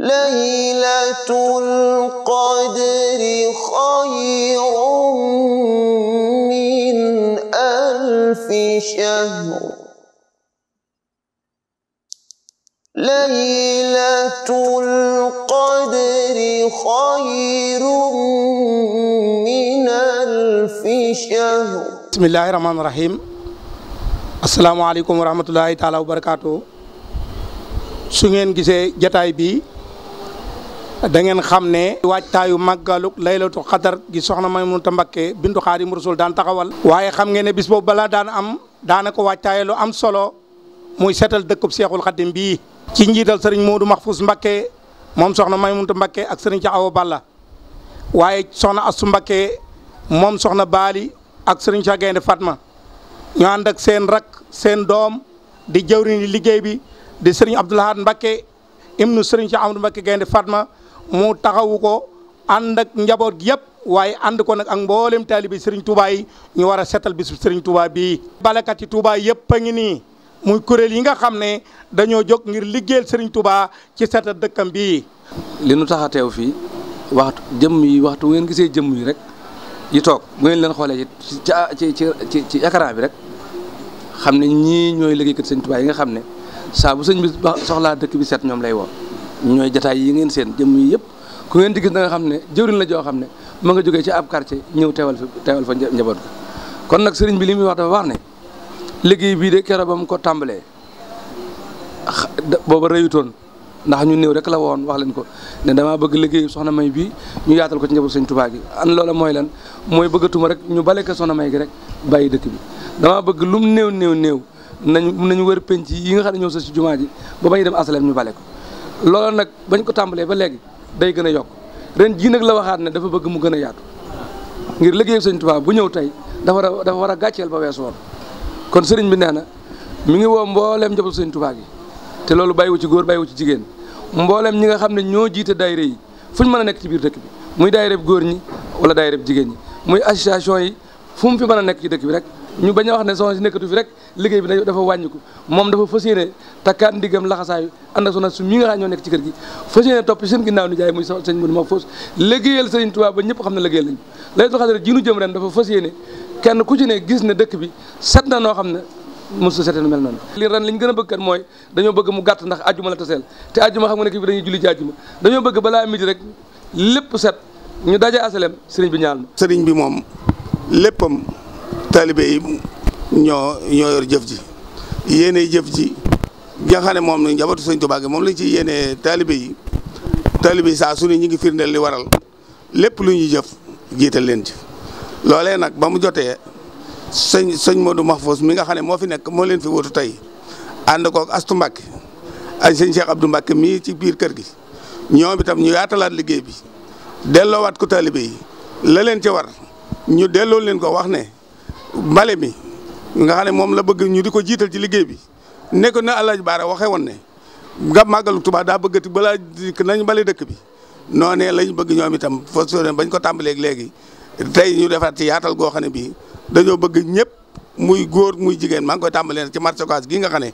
ليلة القدر خير من ألف شهر ليلة القدر خير من ألف شهر بسم الله الرحمن الرحيم asalaamaaleykum wa rahmatullahi taala wa barakaatu su ngeen gisee jataay bi da ngeen xam ne waajtaayu màggaluk laylatu xadar gi soxna Maymunta Mbakke bintu Xaadimu Rasuul daan taxawal waaye xam ngeen ne bis boobu balaa daan am daana ko waajtaaye lu am solo muy seetal dëkkub Seexul Xadim bii ci njiital sëriñ Moodu Maxfuus Mbakke moom soxna Maymunta Mbakke ak sëriñ Ca Awa Balla waaye soxna Astu Mbakke moom soxna Baali ak sëriñ Ca Gaynde Fatma ñu ànd ak seen rakk seen doom di jëwriñ liggéey bi di sëriñ Abdoulahad mbak ibnu sëriñ Ca Amadu Mbakke Gaynde mu taxawu ko ànd ak njaboot gi yëpp waaye ànd ko nag ak mboolem taalibi Serigne Touba yi ñu war a seetal bisu Serigne Touba bii. balekat yi Touba yëpp a ngi nii muy kuréel yi nga xam ne dañoo jóg ngir liggéeyal Serigne Touba ci seetal dëkkam bii. li nu tax a teew fii waxtu jëmm yi waxtu ngeen gisee jëmm yi rek yi toog ngeen leen xoolee ci ci ci ci ci ci écran bi rek xam ne ñii ñooy liggéeykat Serigne Touba yi nga xam ne saabu bu sëñ bi soxlaa dëkk bi set ñoom lay woo. ñooy jataay yi ngeen seen jëmm yi yëpp ku ngeen di gis da xam ne jëwriñ la joo xam ne ma nga jógee ci ab quartier ñëw teewal fi teewal fa njaboot ko kon nag sëriñ bi li muy wax dafa wax ne liggéey bii de keroog ba mu ko tàmbalee booba rëyutoon ndax ñu néew rek la woon wax leen ko ne damaa bëgg liggéey soxna may bii ñu yaatal ko ci njaboot sëñ tubaa gi an loola mooy lan mooy bëggatuma rek ñu bale ko soxna may gi rek bàyyi dëkk bi damaa bëgg lum néew néew néew nañ nañ wër penc yi nga xam ne ñoo sa ci jumaa ji ba bañu dem asaleem ñu bale ko loolu nag bañ ko tàmbalee ba léegi day gën a yokk ren jii nag la waxaat ne dafa bëgg mu gën a yaatu ngir liggéey Sëriñ Tuubaa bu ñëw tey dafa war a war a gàcceel ba weesu woon kon sëriñ bi neex na mu ngi woo mbooleem njabootu Sëriñ Tuubaa gi te loolu bay bàyyiwu ci góor bàyyiwu ci jigéen mbooleem ñi nga xam ne ñoo jiite daayira yi fu ñu mën a nekk ci biir dëkk bi muy daayireb góor ñi wala daayireb jigéen ñi muy association yi fu mu fi mën a nekk ci dëkk bi rek ñu bañ a wax ne soxna si nekkatu fi rek liggéey bi dafa wàññiku moom dafa fas yéene takkaat ndiggam laxasaayu ànd ak soxna su mi nga xam ñoo nekk ci kër gi fas yéene topp seen ginnaaw ni jaay muy sëñ Modou Mahfouss liggéeyal Sëriñ Tuubaa kenn ku ci ne gis ne dëkk bi set na noo xam ne mos a seetlu mel noonu li ren li ñu gën a bëgg kat mooy dañoo bëgg mu gàtt ndax ajuma la taseel te ajuma xam nga ne kii bi dañuy julli ci ajuma dañoo bëgg balaa midi rek lépp set ñu daje asalem sëriñ bi ñaan ma sëriñ bi moom léppam taalibe yi ñoo ñoo yor jëf ji yéene jëf ji nga xam ne moom la njabootu sëñ Tuubaa gi moom lañ ci yéenee taalibe yi taalibe yi saa su ñu ngi firndeel li waral lépp lu ñuy jëf jiital leen ci loolee nag ba mu jotee sëñ sëñ Modou Mahfous mi nga xam ne moo fi nekk moo leen fi wutu tey ànd koog Astu Mbàkke ak sëñ Cheikh Abdou Mbàkke mii ci biir kër gi ñoom itam ñu yaatalaat liggéey bi delloowaat ko taalibe yi la leen ci war ñu delloo leen ko wax ne mbale mi nga xam ne moom la bëgg ñu di ko jiital ci liggéey bi nekk na Alaaji Baara waxee woon ne nga màggalu Tuubaa daa bëggati balaa nañ bale dëkk bi noonee lañ bëgg ñoom itam fa soo bañ ko tàmbalee léegi tey ñu defaat ci yaatal goo xam ne bii dañoo bëgg ñëpp muy góor muy jigéen maa ngi koy tàmbalee ci marché Ocass gi nga xam ne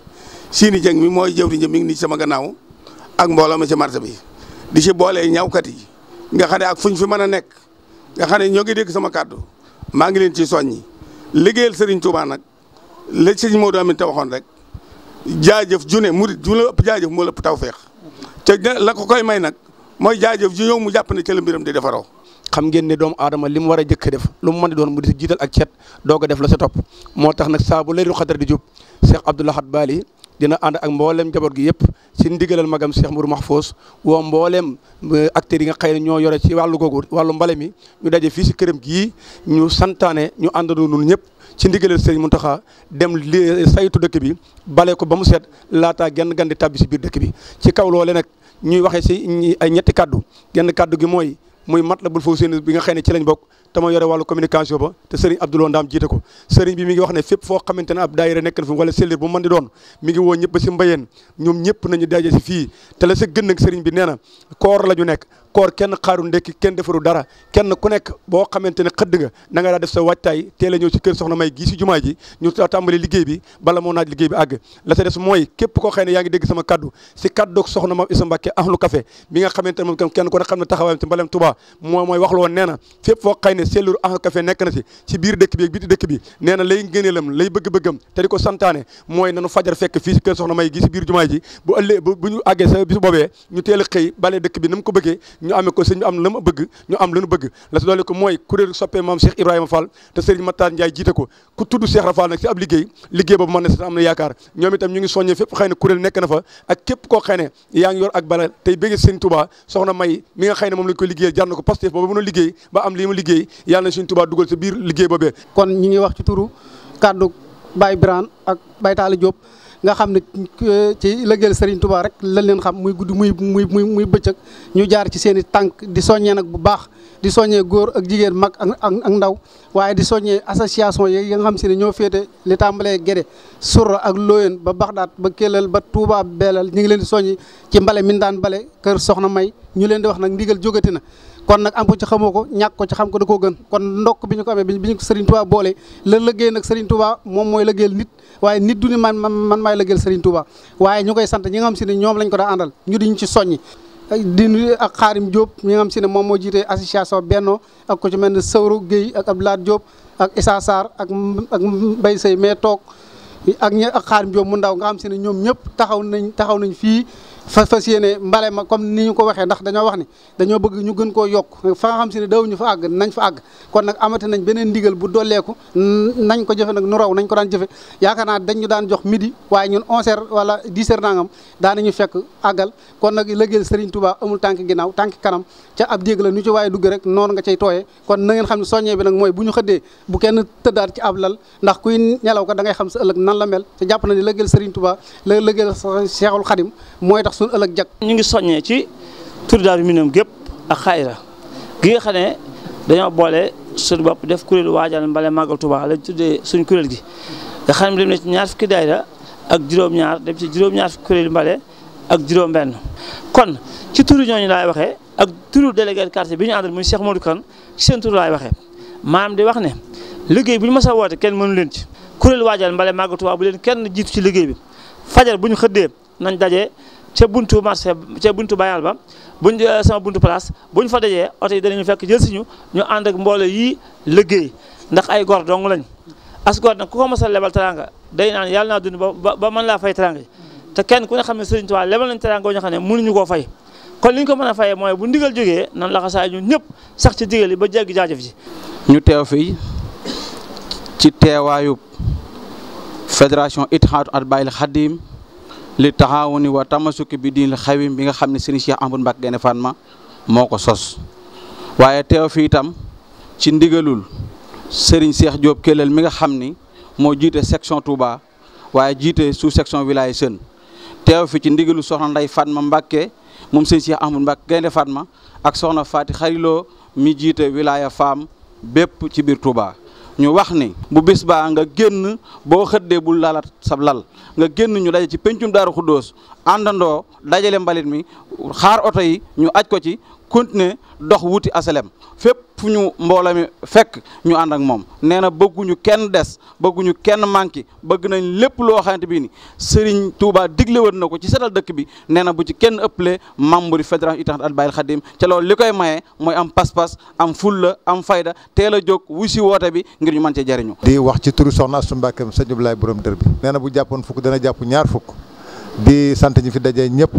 Sini Dieng mi mooy jëwriñ ji mi ngi nii sama gannaaw ak mbooloo mi ci marché bi di ci boolee ñawkat yi nga xam ne ak fuñ fi mën a nekk nga xam ne ñoo ngi dégg sama kàddu maa ngi leen ci soññi liggéeyal Serigne Touba nag la Serigne Modou Amin ta waxoon rek jaajëf june ne murit ju la taw jaajëf moo la ëpp tawféex ko koy may nag mooy jaajëf ju ñëw mu jàpp ne ca la mbiram di defaroo. xam ngeen ne doomu aadama li mu war a jëkk def lu mu mën di doon mu di si jiital ak cet doog def la sa topp moo tax nag saa bu leerul xadar di jub Cheikh Abdou Lahad Bali dina ànd ak mboolem njaboot gi yëpp si ndigalal magam Cheikh Mourou foos woo mbooleem eh, acteurs yi nga xëy ne ñoo yore ci wàllu googu wàllu mbale mi ñu daje fii si këram gii ñu santaane ñu àndandoo nun ñëpp ci ndigalal mu Mountakha dem li saytu dëkk bi bale ko ba mu set laataa genn gan di tàbbi si biir dëkk bi ci kaw loole nag ñuy waxe si ay ñetti kàddu genn kàddu gi mooy muy mat Matlabul Fawzayni bi nga xam ne ci lañ bokk te ma yore wàllu communication ba te Serigne Abdoulaye Ndam jiite ko Serigne bi mi ngi wax ne fépp foo xamante ne ab daayira nekk na fi wala sellir bu mën di doon mi ngi woo ñëpp si mbayeen ñoom ñëpp nañu daje si fii te la sa gën nag Serigne bi nee na koor la ñu nekk koor kenn xaaru ndekki kenn defaru dara kenn ku nekk boo xamante ne xëdd nga na nga daa def sa waajtaay teel a ñëw ci kër soxna may gii ci jumaa ji ñu tàmbali liggéey bi bala moo naaj liggéey bi àgg la sa des képp koo xam ne yaa ngi dégg sama kaddu si kaddoog soxna ma Isa Mbàkke ahlu café mi ne moom kenn ku ne xam ne taxawaayam ci mbalem Tuubaa moo mooy wax loon na fépp foo xam ne sellur ahlu café nekk na bi ak biti dëkk bi nee na lay lay bëgg-bëggam te di ko santaane mooy nanu fajar fekk fii si kër soxna may gii si biir jumaa ji bu ëllëg bu ñu àggee sa bis boobee ñu teel a xëy bale dëkk bi na mu ko bëggee ñu amee ko sëñ bi am la mu bëgg ñu am la ñu bëgg la si doole ko mooy kuréelu soppee maam Cheikh Ibrahima Fall te sëriñ Matar Ndiaye jiite ko ku tudd Cheikh Rafal nag si ab liggéey liggéey boobu mën na si am na yaakaar ñoom itam ñu ngi soññee fépp xëy na na fa ko liggéey jar na ko Pastef boobu mën a liggéey ba am lii mu liggéey yàlla na sëñ Touba dugal sa biir liggéey boobee kon ñi ngi wax ci turu kaddu Baye Birane ak Baye Talla Diop nga xam ne ci lëggeel Serigne Touba rek lañ leen xam muy guddi muy muy muy muy bëccëg ñu jaar ci seen i tànk di soññee nag bu baax di soññee góor ak jigéen mag ak ak ndaw waaye di soññee association yi nga xam si ne ñoo féete li tàmbalee Guédé Surra ak Lóyen ba Baxdaat ba Kellal ba Touba Belal ñu ngi leen di soññi ci mbale min daan bale kër Soxna May ñu leen di wax nag ndigal jógati na kon nag am ko ci xamoo ko ñàkk ko ci xam ko da koo gën kon ndokk bi ñu ko amee bi ñu ko Serigne Touba boole la lëggéey nag Serigne Touba moom mooy lëggéeyal nit waaye nit du ni man man maay lëggéeyal Serigne Touba waaye ñu koy sant ñi nga xam si ne ñoom lañ ko daa àndal ñu diñ ci soññi di ak Xaarim Diop mi nga si ne moom moo jiite association Benno ak ku ci mel ne Sawru Guèye ak Abdoulaye Diop ak Issa Sarr ak ak Mbaye Seye mais toog ak ñi ak Xaarim Diop mu ndaw nga xam si ne ñoom ñëpp taxaw nañ taxaw nañ fii fa fas yéene mbale ma comme ni ñu ko waxee ndax dañoo wax ni dañoo bëgg ñu gën koo yokk fa nga xam si ne ñu fa àgg nañ fa àgg kon nag amati nañ beneen ndigal bu dolleeku nañ ko jëfe nag nu nañ ko daan jëfe yaakaar naa dañ ñu daan jox midi waaye ñun onze heures wala dix heures nangam daanañu fekk àggal kon nag lëggeel Serigne Touba amul tànk ginnaaw tànk kanam ca ab ñu ci waaye dugg rek noonu nga cay tooyee kon na ngeen xam ne soññee mooy bu ñu xëddee bu kenn tëddaat ci ab lal ndax kuy nelaw ko da xam sa ëllëg nan la mel te jàpp na ni lëggeel Serigne Touba la lëggeel Cheikhul Khadim mooy tax suñu ëllëg jag ñu ngi soññee ci tur Daaru Minam gépp a xayra gi nga xam dañoo boole suñu bopp def kuréelu waajal mbale màggal Tuubaa lañ tuddee suñ kuréel gi nga xam ne dem na ci ñaar ak juróom-ñaar dem ci juróom-ñaar kuréelu mbale ak juróom-benn kon ci turu ñooñu laay waxee ak turu délégué de bi ñu àndal muy Cheikh Modou Kane ci seen tur waxee maam di wax ne liggéey bu ñu mës a woote kenn mënu leen ci kuréel waajal mbale màggal Tuubaa bu leen kenn jiitu ci liggéey bi fajar bu ñu xëddee nañ daje ce buntu marché ca buntu bayal ba buñ euh, sama buntu place buñ fa dajee oto yi danañu fekk ñu ànd ak mbooloo yii liggéey ndax ay gor dong lañ as gor nag ku ko mos a lebal teranga day naan yàlla naa dund ba ba mën laa fay teranga yi te kenn ku ne xam ne Sëriñ Tuubaa lebal nañ teranga ñoo xam ne mënuñu koo fay kon li ñu ko mën a fayee mooy bu ndigal jógee nan la xasaay ñun ñëpp sax ci digal yi ba jéggi jaajëf ji ñu teew fii ci teewaayu fédération Ithaadu Atbaa'il Xadim li taxawuni wa tamasuki bi diinil xawim bi nga xam ne sëriñ Cheikh Amadou Mbacke Gaïndé Fatma moo ko sos waaye teew fi itam ci ndigalul sëriñ Cheikh Diop Kellel mi nga xam ni moo jiite section Touba waaye jiite sous section village Sën teew fi ci ndigalul soxna Ndeye Fatma Mbacke moom sëriñ Cheikh Amadou Mbacke Gaïndé Fatma ak soxna Faati Xariloo mi jiite wilaya Fam bépp ci biir Touba. ñu wax ni bu bis baa nga génn boo xëddee bul laalaat sab lal nga génn ñu daje ci pencum daaru xuddoos àndandoo dajale mbalit mi xaar oto yi ñu aj ko ci continuer dox wuti asalem fépp fu ñu mboola mi fekk ñu ànd ak moom nee na bëgguñu kenn des bëgguñu kenn manqué bëgg nañ lépp loo xamante bi ni Serigne Touba digle woon na ko ci setal dëkk bi nee na bu ci kenn ëppalee membre fédération Ittihad al Bayyil Khadim ca loolu li koy maye mooy am pas-pas am fulla am fayda teel a jóg wu si woote bi ngir ñu mën cee jariñu di wax ci turu soxna Astou Mbacké sëñ Abdoulaye borom dër bi nee na bu jàppoon fukk dana jàpp ñaar fukk di sant ñi fi dajee ñëpp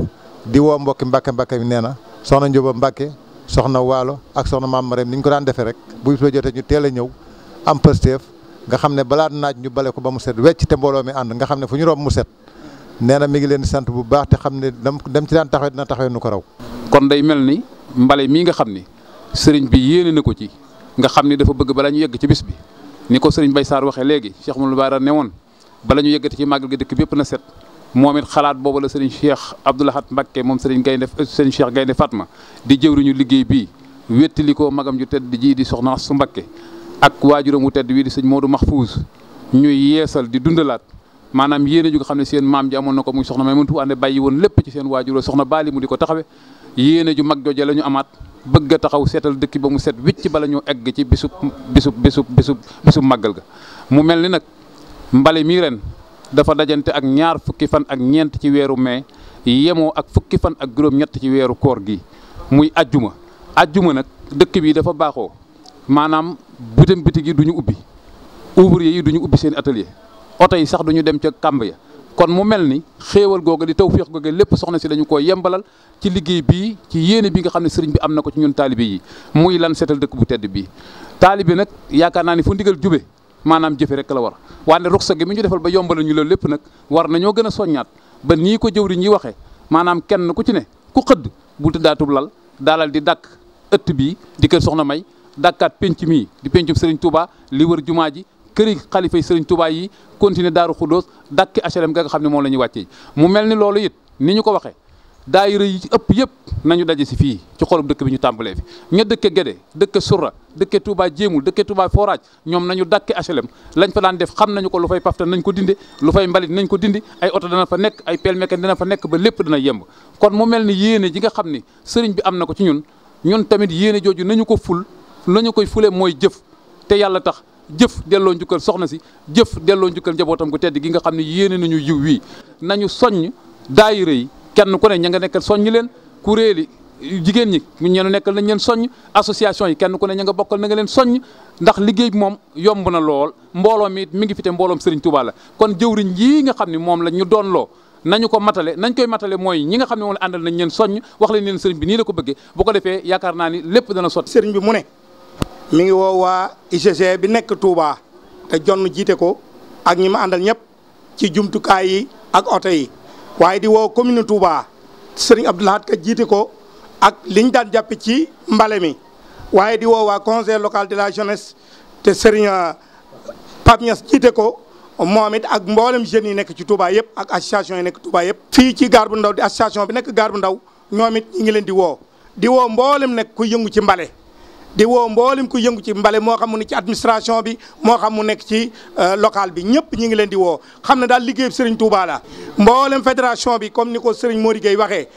di woo mbokki Mbacké Mbacké bi nee na soxna Njóoba Mbàkke soxna waalo ak soxna maam Marème ni ñu ko daan defee rek bu bis ba jotee ñu teel a ñëw am pësteef nga xam ne balaa naaj ñu bale ko ba mu set wecc te mbooloo mi ànd nga xam ne fu ñu rob mu set nee mi ngi leen sant bu baax te xam ne dem ci daan taxawee dina taxawee nu ko raw. kon day mel ni mbale mii nga xam ni sëriñ bi yéene ne ko ci nga xam ni dafa bëgg balaa ñu yegg ci bis bi ni ko sëriñ Bay saar waxee léegi Cheikh Mouhamadou Bara ne woon bala ñu yeggati ci màggal gi dëkk bépp na set moom it xalaat boobu la sëriñ Cheikh Abdoul Ahad Mbacké moom sëriñ Gaynde sëriñ Cheikh Gaynde Fatma di jëwriñu liggéey bii wéttali ko magam ju tedd jii di soxna su Mbacké ak waajuram wu tedd wii di sëñ Modou Mahfouz ñuy yeesal di dundalaat maanaam yéene ju nga xam ne seen maam ji amoon na ko muy soxna Maymunatu ànd bàyyi woon lépp ci seen waajuroo soxna Baali mu di ko taxawe yéene ju mag jooje la ñu amaat bëgg a taxaw seetal dëkki ba mu set wicc bala ñu egg ci bisub bisub bisub bisub bisub màggal ga mu mel ni nag mbale mii ren dafa dajante ak ñaar fukki fan ak ñeent ci weeru mais yemoo ak fukki fan ak juróom-ñett ci weeru koor gi muy ajjuma ajjuma nag dëkk bii dafa baaxoo maanaam bitim bitig yi du ñu ubbi ouvrier yi du ubbi seen atelier oto yi sax du dem ca kàmb ya kon mu mel ni xéewal googa di tawféex googa lépp soxna si dañu ko yembalal ci liggéey bii ci yéene bi nga xam ne sëriñ bi am na ko ci ñun taalibe yi muy lan seetal dëkk bu tedd bi taalibe nag yaakaar naa ni fu ndigal jube maanaam jëfe rekk la war waane ruxsa gi mi ñu defal ba yombal ñu loolu lépp nag war nañoo gën a soññaat ba nii ko jëw jëwriñ yi waxee maanaam kenn ku ci ne ku xëdd bul tëddaatub lal daalal di dàkk ëtt bii di kër soxna may dàkkaat penc mii di pencum Serigne tubaa li wër jumaa ji këri xalifa yi Serigne Touba yi continuer daaru xuddoos dàkki HLM ga nga xam ne moom la ñuy wàccee mu mel ni loolu it ni ñu ko waxee daayira yi ci ëpp yëpp nañu daje si fii ci xolub dëkk bi ñu tàmbalee fi ña dëkk Gédé dëkk sura dëkke Touba Jéemul dëkke Touba Forage ñoom nañu dàkke HLM lañ fa daan def xam nañu ko lu fay paftan nañ ko dindi lu fay mbalit nañ ko dindi ay oto dana fa nekk ay pelle dana fa nekk ba lépp dana yemb kon mu mel ni yéene ji nga xam ni sëriñ bi am na ko ci ñun ñun tamit yéene jooju nañu ko ful nañu koy fule mooy jëf te yàlla tax jëf delloo njukkal soxna si jëf delloo njukkal njabootam gu tedd gi nga xam ne yéene nañu yiw wii nañu soññ daayira yi kenn ku ne ña nga nekkal soññ leen kuréeli jigéen ñi ñeenu nekkal nañ leen soññ association yi kenn ku ne ña nga bokkal nanga leen soññ ndax liggéey bi moom yomb na lool mbooloo mi mi ngi fi mbooloom Serigne Touba la kon jëwriñ yii nga xam ni moom la ñu doon loo nañu ko matale nañ koy matale mooy ñi nga xam ne moom la àndal nañ leen soññ wax leen leen sëriñ bi nii la ko bëggee bu ko defee yaakaar naa ni lépp dana sotti sëriñ bi mu ne mi ngi woo waa UGC bi nekk Touba te jonn jiite ko ak ñi ma àndal ñëpp ci jumtukaay yi ak oto yi waaye di woo commune Touba Serigne Abdou Lahad Ka jiite ko ak liñ daan jàpp ci mbale mi waaye di woo waa conseil local de la jeunesse te Serigne euh, Pape Niass jiite ko moom it ak mboolem jeunes yi nekk ci Touba yëpp ak association yi nekk Touba yëpp. fii ci gaar bu ndaw di association bi nekk gaar bu ndaw ñoomit it ñu ngi leen di woo di woo mboolem nekk ku yëngu ci mbale. di woo mboolem ku yëngu ci mbale moo xam mu ne ci administration bi moo xam mu nekk ci euh, local bi ñëpp ñu ngi leen di woo xam ne daal liggéey Serigne Touba la mboolem fédération bi comme ni ko Serigne moo Gueye waxee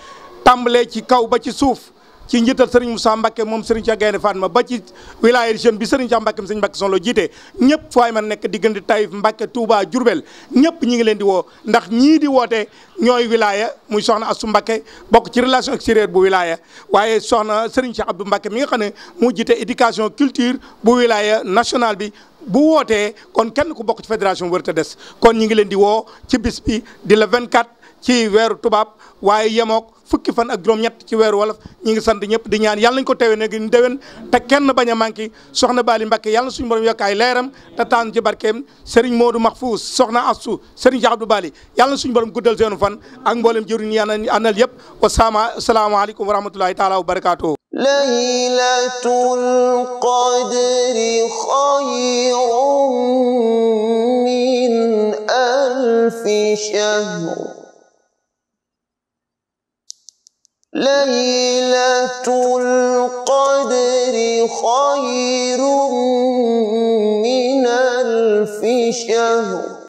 tàmbalee ci kaw ba ci suuf. ci njiital Serigne Moussa Mbacke moom Serigne Cheikh Gaynde Fatma ba ci wilaya jeune bi Serigne Cheikh Mbacke m Serigne Mbacke son la jiite ñëpp fooy mën nekk diggante Taïf Mbacke Touba Diourbel ñëpp ñi ngi leen di woo ndax ñii di woote ñooy wilaya muy soxna Assou Mbacke bokk ci relation extérieure bu wilaya waaye soxna Serigne Cheikh Abdou Mbacke mi nga xam ne moo jiite éducation culture bu wilaya national bi bu wootee kon kenn ku bokk ci fédération wër te des kon ñi ngi leen di woo ci bis bi di la 24 ci weeru tubaab waaye yemook fukki fan ak juróom-ñett ci weeru wolof ñi ngi sant ñëpp di ñaan yàlla nañu ko teewee nag ñu kenn baña a manqué soxna Bali Mbakke yàlla na suñu borom yokk ay leeram te taan ci barkeem Serigne Modou Mahfouz soxna Astou Serigne Jaxabdu Bali yàlla na suñu borom guddal seenu fan ak mboolem jëriñ yàlla nañu àndal yëpp wasalaamaaleykum wa rahmatulahi taala wa barakaatu. laylatul qadri xayrun min alfi shahr ليلة القدر خير من ألف شهر